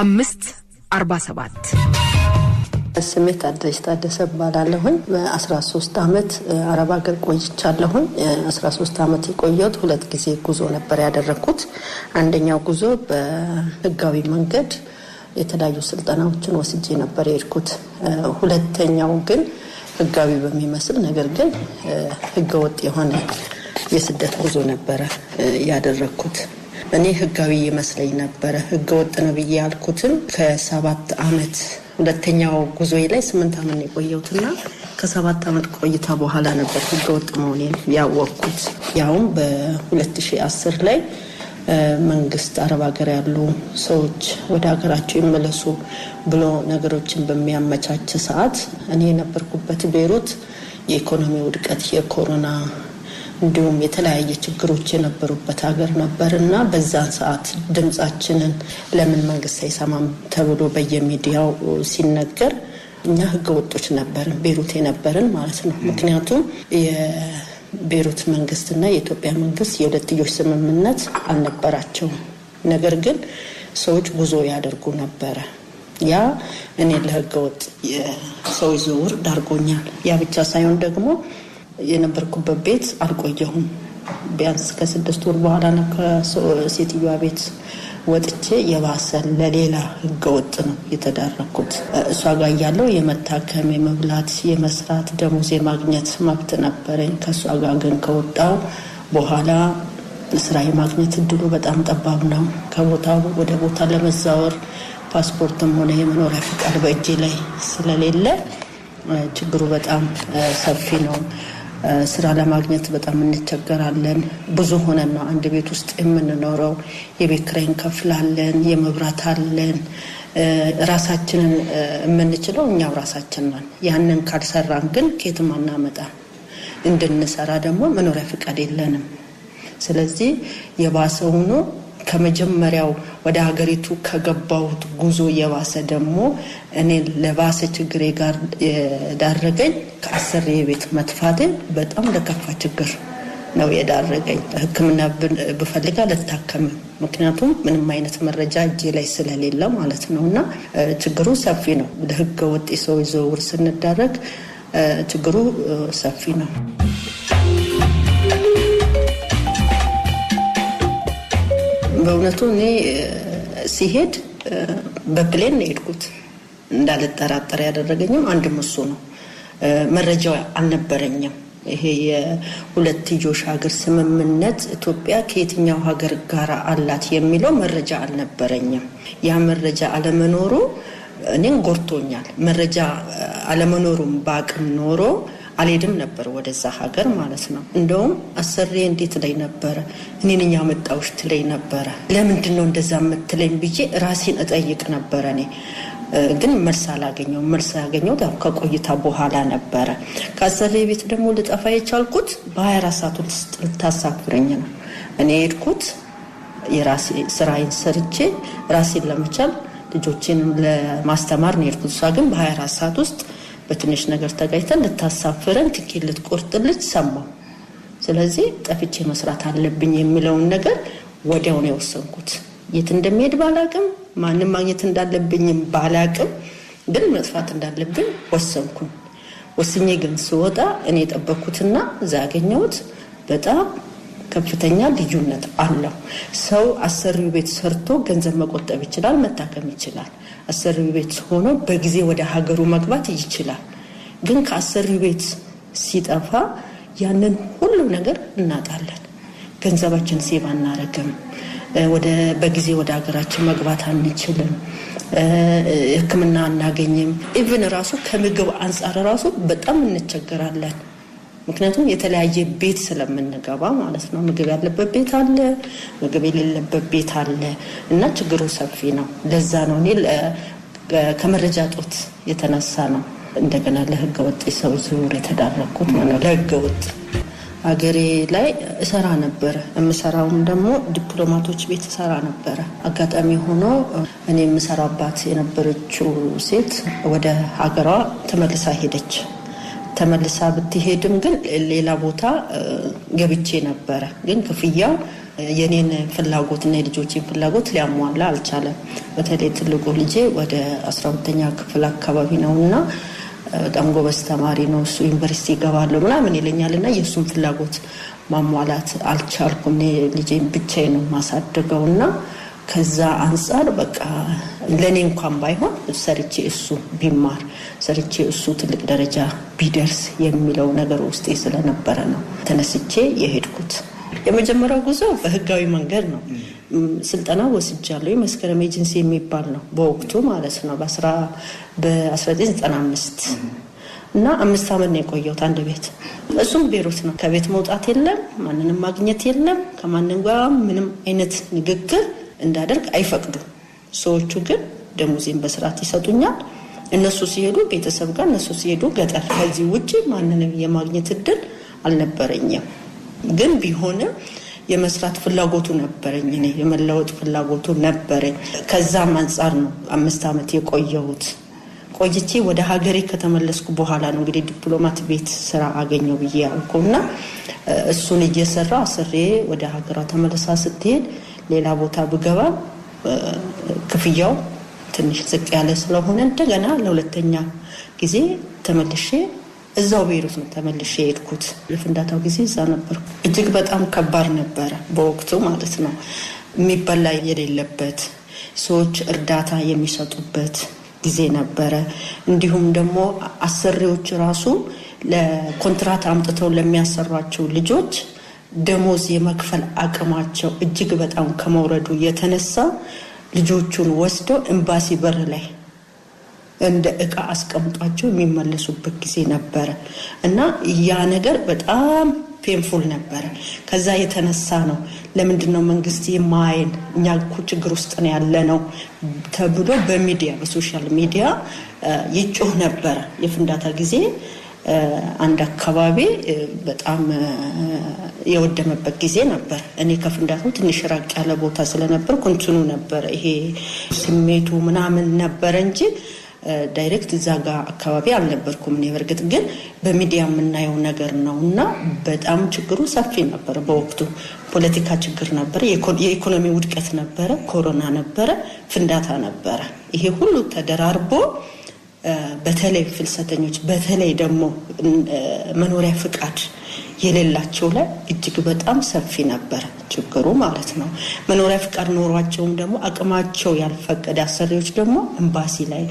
አምስት አርባ ሰባት ስሜ ታደሰች ታደሰ ባላለሁኝ በአስራ ሶስት አመት አረብ ሀገር ቆይቻለሁኝ። ሶስት አመት የቆየሁት ሁለት ጊዜ ጉዞ ነበር ያደረግኩት። አንደኛው ጉዞ በህጋዊ መንገድ የተለያዩ ስልጠናዎችን ወስጄ ነበር የሄድኩት። ሁለተኛው ግን ህጋዊ በሚመስል ነገር ግን ህገወጥ የሆነ የስደት ጉዞ ነበረ ያደረግኩት። እኔ ህጋዊ ይመስለኝ ነበረ። ህገ ወጥ ነው ብዬ ያልኩትም ከሰባት አመት ሁለተኛው ጉዞዬ ላይ ስምንት አመት የቆየሁትና ከሰባት አመት ቆይታ በኋላ ነበር ህገወጥ መሆኔን ያወቅኩት። ያውም በ2010 ላይ መንግስት አረብ ሀገር ያሉ ሰዎች ወደ ሀገራቸው ይመለሱ ብሎ ነገሮችን በሚያመቻች ሰዓት እኔ የነበርኩበት ቤሩት የኢኮኖሚ ውድቀት፣ የኮሮና እንዲሁም የተለያየ ችግሮች የነበሩበት ሀገር ነበር እና በዛን ሰዓት ድምጻችንን ለምን መንግስት አይሰማም ተብሎ በየሚዲያው ሲነገር እኛ ህገ ወጦች ነበርን፣ ቤሩት የነበርን ማለት ነው። ምክንያቱም የቤሩት መንግስት ና የኢትዮጵያ መንግስት የሁለትዮሽ ስምምነት አልነበራቸውም። ነገር ግን ሰዎች ጉዞ ያደርጉ ነበረ። ያ እኔ ለህገ ወጥ የሰው ዝውውር ዳርጎኛል። ያ ብቻ ሳይሆን ደግሞ የነበርኩበት ቤት አልቆየሁም። ቢያንስ ከስድስት ወር በኋላ ነው ከሴትዮዋ ቤት ወጥቼ የባሰ ለሌላ ህገወጥ ነው የተዳረኩት። እሷ ጋር እያለሁ የመታከም የመብላት፣ የመስራት ደሞዝ የማግኘት መብት ነበረኝ። ከእሷ ጋር ግን ከወጣው በኋላ ስራ የማግኘት እድሉ በጣም ጠባብ ነው። ከቦታ ወደ ቦታ ለመዛወር ፓስፖርትም ሆነ የመኖሪያ ፍቃድ በእጅ ላይ ስለሌለ ችግሩ በጣም ሰፊ ነው። ስራ ለማግኘት በጣም እንቸገራለን። ብዙ ሆነን ነው አንድ ቤት ውስጥ የምንኖረው። የቤት ክራይ እንከፍላለን፣ የመብራት አለን። ራሳችንን የምንችለው እኛው ራሳችን ነን። ያንን ካልሰራን ግን ከየትም አናመጣም። እንድንሰራ ደግሞ መኖሪያ ፍቃድ የለንም። ስለዚህ የባሰ ከመጀመሪያው ወደ ሀገሪቱ ከገባሁት ጉዞ የባሰ ደግሞ እኔ ለባሰ ችግሬ ጋር የዳረገኝ ከአስር የቤት መጥፋቴ በጣም ለከፋ ችግር ነው የዳረገኝ። ሕክምና ብፈልግ አልታከም፣ ምክንያቱም ምንም አይነት መረጃ እጄ ላይ ስለሌለ ማለት ነው። እና ችግሩ ሰፊ ነው። ለህገ ወጥ የሰዎች ዝውውር ስንዳረግ ችግሩ ሰፊ ነው። በእውነቱ እኔ ሲሄድ በፕሌን ነው የሄድኩት። እንዳልጠራጠር ያደረገኝም አንድም እሱ ነው። መረጃው አልነበረኝም። ይሄ የሁለትዮሽ ሀገር ስምምነት ኢትዮጵያ ከየትኛው ሀገር ጋር አላት የሚለው መረጃ አልነበረኝም። ያ መረጃ አለመኖሩ እኔን ጎርቶኛል። መረጃ አለመኖሩም በአቅም ኖሮ አልሄድም ነበር ወደዛ ሀገር ማለት ነው። እንደውም አሰሬ እንዴት ላይ ነበረ እኔን እኛ መጣውሽ ትለኝ ነበረ። ለምንድን ነው እንደዛ የምትለኝ ብዬ ራሴን እጠይቅ ነበረ እኔ ግን መልስ አላገኘው። መልስ ያገኘው ከቆይታ በኋላ ነበረ። ከአሰሬ ቤት ደግሞ ልጠፋ የቻልኩት በ24 ሰዓት ውስጥ ልታሳፍረኝ ነው። እኔ ሄድኩት የራሴ ስራዬን ሰርቼ ራሴን ለመቻል ልጆችን ለማስተማር ነው የሄድኩት። እሷ ግን በ24 ሰዓት ውስጥ በትንሽ ነገር ተጋጭተን ልታሳፍረን ትኬት ልትቆርጥልች ሰማሁ። ስለዚህ ጠፍቼ መስራት አለብኝ የሚለውን ነገር ወዲያው ነው የወሰንኩት። የት እንደሚሄድ ባላቅም፣ ማንም ማግኘት እንዳለብኝም ባላቅም፣ ግን መጥፋት እንዳለብኝ ወሰንኩኝ። ወስኜ ግን ስወጣ እኔ የጠበኩትና እዛ ያገኘሁት በጣም ከፍተኛ ልዩነት አለው። ሰው አሰሪው ቤት ሰርቶ ገንዘብ መቆጠብ ይችላል፣ መታከም ይችላል። አሰሪው ቤት ሆኖ በጊዜ ወደ ሀገሩ መግባት ይችላል። ግን ከአሰሪው ቤት ሲጠፋ ያንን ሁሉ ነገር እናጣለን። ገንዘባችን ሴባ እናረግም፣ በጊዜ ወደ ሀገራችን መግባት አንችልም። ሕክምና አናገኝም። ኢቭን ራሱ ከምግብ አንጻር ራሱ በጣም እንቸገራለን። ምክንያቱም የተለያየ ቤት ስለምንገባ ማለት ነው። ምግብ ያለበት ቤት አለ፣ ምግብ የሌለበት ቤት አለ እና ችግሩ ሰፊ ነው። ለዛ ነው እኔ ከመረጃ ጦት የተነሳ ነው እንደገና ለህገ ወጥ የሰው ዝውውር የተዳረኩት ነው። ለህገ ወጥ አገሬ ላይ እሰራ ነበረ። የምሰራውም ደግሞ ዲፕሎማቶች ቤት እሰራ ነበረ። አጋጣሚ ሆኖ እኔ የምሰራባት የነበረችው ሴት ወደ ሀገሯ ተመልሳ ሄደች። ተመልሳ ብትሄድም ግን ሌላ ቦታ ገብቼ ነበረ። ግን ክፍያው የኔን ፍላጎትና የልጆችን ፍላጎት ሊያሟላ አልቻለም። በተለይ ትልቁ ልጄ ወደ አስራ ሁለተኛ ክፍል አካባቢ ነው እና በጣም ጎበዝ ተማሪ ነው። እሱ ዩኒቨርሲቲ ይገባለሁ ምናምን ይለኛል እና የእሱን ፍላጎት ማሟላት አልቻልኩም። ልጄን ብቻዬን ነው ማሳደገው እና ከዛ አንጻር በቃ ለእኔ እንኳን ባይሆን ሰርቼ እሱ ቢማር ሰርቼ እሱ ትልቅ ደረጃ ቢደርስ የሚለው ነገር ውስጤ ስለነበረ ነው ተነስቼ የሄድኩት። የመጀመሪያው ጉዞ በህጋዊ መንገድ ነው። ስልጠና ወስጃለሁ። የመስከረም ኤጀንሲ የሚባል ነው በወቅቱ ማለት ነው በ1995 እና አምስት ዓመት ነው የቆየሁት አንድ ቤት። እሱም ቤሩት ነው። ከቤት መውጣት የለም፣ ማንንም ማግኘት የለም፣ ከማንም ጋር ምንም አይነት ንግግር እንዳደርግ አይፈቅዱም። ሰዎቹ ግን ደሞዜን በስርዓት ይሰጡኛል። እነሱ ሲሄዱ ቤተሰብ ጋር፣ እነሱ ሲሄዱ ገጠር። ከዚህ ውጭ ማንንም የማግኘት እድል አልነበረኝም። ግን ቢሆንም የመስራት ፍላጎቱ ነበረኝ። እኔ የመለወጥ ፍላጎቱ ነበረኝ። ከዛም አንጻር ነው አምስት ዓመት የቆየሁት። ቆይቼ ወደ ሀገሬ ከተመለስኩ በኋላ ነው እንግዲህ ዲፕሎማት ቤት ስራ አገኘው ብዬ እና እሱን እየሰራ አስሬ ወደ ሀገሯ ተመልሳ ስትሄድ ሌላ ቦታ ብገባ ክፍያው ትንሽ ዝቅ ያለ ስለሆነ እንደገና ለሁለተኛ ጊዜ ተመልሼ እዛው ቤይሩት ነው ተመልሼ የሄድኩት። የፍንዳታው ጊዜ እዛ ነበርኩ። እጅግ በጣም ከባድ ነበረ በወቅቱ ማለት ነው። የሚበላ የሌለበት ሰዎች እርዳታ የሚሰጡበት ጊዜ ነበረ። እንዲሁም ደግሞ አሰሪዎች ራሱ ለኮንትራት አምጥተው ለሚያሰሯቸው ልጆች ደሞዝ የመክፈል አቅማቸው እጅግ በጣም ከመውረዱ የተነሳ ልጆቹን ወስደው ኤምባሲ በር ላይ እንደ እቃ አስቀምጧቸው የሚመለሱበት ጊዜ ነበረ እና ያ ነገር በጣም ፔንፉል ነበረ። ከዛ የተነሳ ነው ለምንድን ነው መንግስት የማይን እኛ እኮ ችግር ውስጥ ነው ያለ ነው ተብሎ በሚዲያ በሶሻል ሚዲያ ይጮህ ነበረ የፍንዳታ ጊዜ አንድ አካባቢ በጣም የወደመበት ጊዜ ነበር። እኔ ከፍንዳታው ትንሽ ራቅ ያለ ቦታ ስለነበር ኮንትኑ ነበረ ይሄ ስሜቱ ምናምን ነበረ እንጂ ዳይሬክት እዛ ጋ አካባቢ አልነበርኩም እኔ። በእርግጥ ግን በሚዲያ የምናየው ነገር ነው እና በጣም ችግሩ ሰፊ ነበር። በወቅቱ ፖለቲካ ችግር ነበረ፣ የኢኮኖሚ ውድቀት ነበረ፣ ኮሮና ነበረ፣ ፍንዳታ ነበረ። ይሄ ሁሉ ተደራርቦ በተለይ ፍልሰተኞች በተለይ ደግሞ መኖሪያ ፍቃድ የሌላቸው ላይ እጅግ በጣም ሰፊ ነበረ ችግሩ ማለት ነው። መኖሪያ ፍቃድ ኖሯቸውም ደግሞ አቅማቸው ያልፈቀደ አሰሪዎች ደግሞ ኤምባሲ ላይ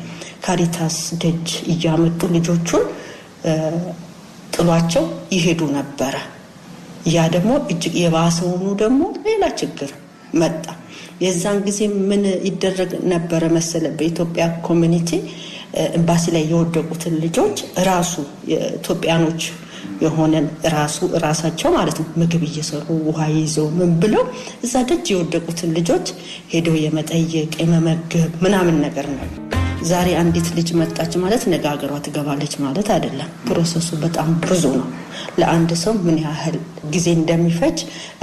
ካሪታስ ደጅ እያመጡ ልጆቹን ጥሏቸው ይሄዱ ነበረ። ያ ደግሞ እጅግ የባሰውኑ ደግሞ ሌላ ችግር መጣ። የዛን ጊዜ ምን ይደረግ ነበረ መሰለ በኢትዮጵያ ኮሚኒቲ ኤምባሲ ላይ የወደቁትን ልጆች ራሱ ኢትዮጵያኖች የሆነን ራሱ ራሳቸው ማለት ነው ምግብ እየሰሩ ውሃ ይዘው ምን ብለው እዛ ደጅ የወደቁትን ልጆች ሄደው የመጠየቅ የመመገብ ምናምን ነገር ነው። ዛሬ አንዲት ልጅ መጣች ማለት ነገ ሀገሯ ትገባለች ማለት አይደለም። ፕሮሰሱ በጣም ብዙ ነው። ለአንድ ሰው ምን ያህል ጊዜ እንደሚፈጅ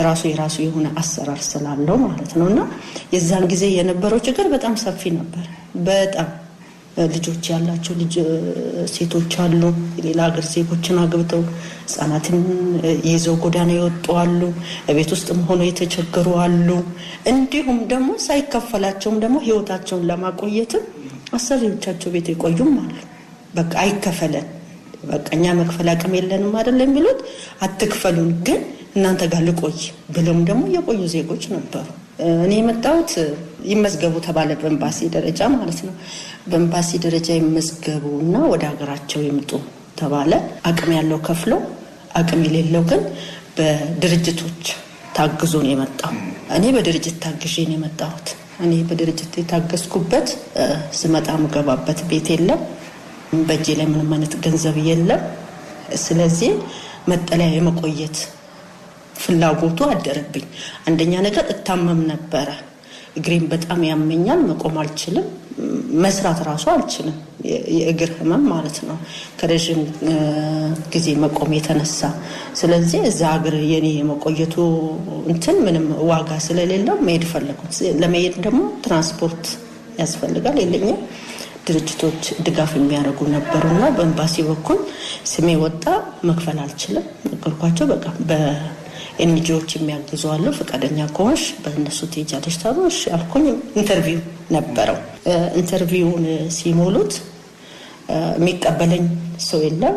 ራሱ የራሱ የሆነ አሰራር ስላለው ማለት ነው እና የዛን ጊዜ የነበረው ችግር በጣም ሰፊ ነበር በጣም ልጆች ያላቸው ሴቶች አሉ። የሌላ ሀገር ዜጎችን አግብተው ህጻናትን ይዘው ጎዳና የወጡ አሉ። ቤት ውስጥም ሆኖ የተቸገሩ አሉ። እንዲሁም ደግሞ ሳይከፈላቸውም ደግሞ ህይወታቸውን ለማቆየትም አሰሪዎቻቸው ቤት የቆዩም አሉ። በቃ አይከፈለን፣ በቃ እኛ መክፈል አቅም የለንም አይደል የሚሉት አትክፈሉን፣ ግን እናንተ ጋር ልቆይ ብለውም ደግሞ የቆዩ ዜጎች ነበሩ። እኔ የመጣሁት ይመዝገቡ ተባለ፣ በኤምባሲ ደረጃ ማለት ነው። በኤምባሲ ደረጃ ይመዝገቡ እና ወደ ሀገራቸው ይምጡ ተባለ። አቅም ያለው ከፍሎ፣ አቅም የሌለው ግን በድርጅቶች ታግዞ ነው የመጣው። እኔ በድርጅት ታግዤ ነው የመጣሁት። እኔ በድርጅት የታገዝኩበት ስመጣ ምገባበት ቤት የለም፣ በእጄ ላይ ምንም አይነት ገንዘብ የለም። ስለዚህ መጠለያ የመቆየት ፍላጎቱ አደረብኝ። አንደኛ ነገር እታመም ነበረ። እግሬን በጣም ያመኛል። መቆም አልችልም። መስራት ራሱ አልችልም። የእግር ህመም ማለት ነው፣ ከረዥም ጊዜ መቆም የተነሳ። ስለዚህ እዛ ሀገር የኔ የመቆየቱ እንትን ምንም ዋጋ ስለሌለው መሄድ ፈለጉት። ለመሄድ ደግሞ ትራንስፖርት ያስፈልጋል፣ የለኝም። ድርጅቶች ድጋፍ የሚያደርጉ ነበሩና በኤምባሲ በኩል ስሜ ወጣ። መክፈል አልችልም ነገርኳቸው። በቃ ኤንጂዎች የሚያግዙ አሉ። ፈቃደኛ ከሆንሽ በእነሱ ትሄጃለሽ ታሉ። እሺ አልኩኝ። ኢንተርቪው ነበረው። ኢንተርቪውን ሲሞሉት የሚቀበለኝ ሰው የለም፣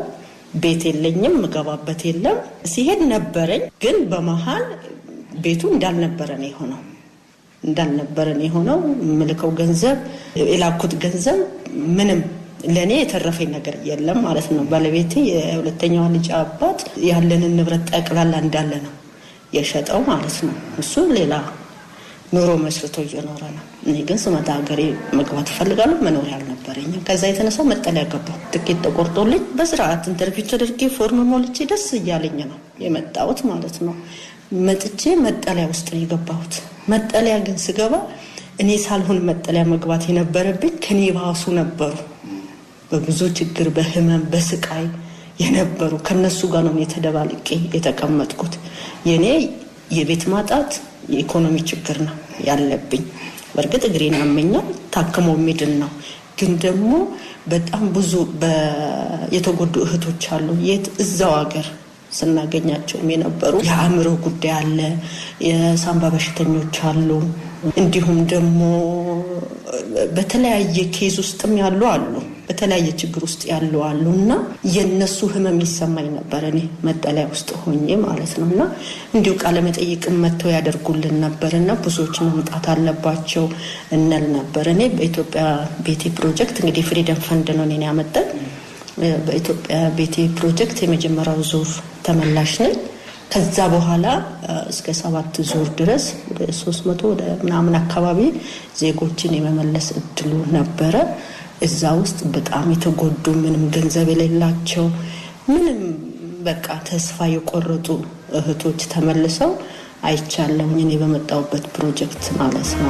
ቤት የለኝም፣ ምገባበት የለም። ሲሄድ ነበረኝ፣ ግን በመሀል ቤቱ እንዳልነበረ ነው የሆነው እንዳልነበረ ነው የሆነው። የምልከው ገንዘብ የላኩት ገንዘብ ምንም ለእኔ የተረፈኝ ነገር የለም ማለት ነው። ባለቤቴ የሁለተኛዋ ልጅ አባት ያለንን ንብረት ጠቅላላ እንዳለ ነው የሸጠው ማለት ነው። እሱ ሌላ ኑሮ መስርቶ እየኖረ ነው። እኔ ግን ስመጣ ሀገሬ መግባት እፈልጋለሁ። መኖሪያ አልነበረኝም። ከዛ የተነሳ መጠለያ ገባሁ። ትኬት ተቆርጦልኝ በስርዓት ኢንተርቪው ተደርጌ ፎርም ሞልቼ ደስ እያለኝ ነው የመጣሁት ማለት ነው። መጥቼ መጠለያ ውስጥ ነው የገባሁት። መጠለያ ግን ስገባ እኔ ሳልሆን መጠለያ መግባት የነበረብኝ ከኔ ባሱ ነበሩ። በብዙ ችግር፣ በህመም፣ በስቃይ የነበሩ ከነሱ ጋር ነው የተደባልቄ የተቀመጥኩት። የኔ የቤት ማጣት የኢኮኖሚ ችግር ነው ያለብኝ። በእርግጥ እግሬን ያመኛል፣ ታክሞ የሚድን ነው። ግን ደግሞ በጣም ብዙ የተጎዱ እህቶች አሉ። የት እዛው ሀገር ስናገኛቸውም የነበሩ የአእምሮ ጉዳይ አለ፣ የሳምባ በሽተኞች አሉ። እንዲሁም ደግሞ በተለያየ ኬዝ ውስጥም ያሉ አሉ። በተለያየ ችግር ውስጥ ያሉ አሉ እና የእነሱ ህመም ይሰማኝ ነበር እኔ መጠለያ ውስጥ ሆኜ ማለት ነው እና እንዲሁ ቃለመጠይቅ መጥተው ያደርጉልን ነበር እና ብዙዎች መምጣት አለባቸው እንል ነበር። እኔ በኢትዮጵያ ቤቴ ፕሮጀክት እንግዲህ ፍሪደም ፈንድ ነው እኔን ያመጠን። በኢትዮጵያ ቤቴ ፕሮጀክት የመጀመሪያው ዙር ተመላሽ ነኝ። ከዛ በኋላ እስከ ሰባት ዙር ድረስ ወደ ሶስት መቶ ወደ ምናምን አካባቢ ዜጎችን የመመለስ እድሉ ነበረ። እዛ ውስጥ በጣም የተጎዱ ምንም ገንዘብ የሌላቸው ምንም በቃ ተስፋ የቆረጡ እህቶች ተመልሰው አይቻለሁኝ እኔ በመጣሁበት ፕሮጀክት ማለት ነው።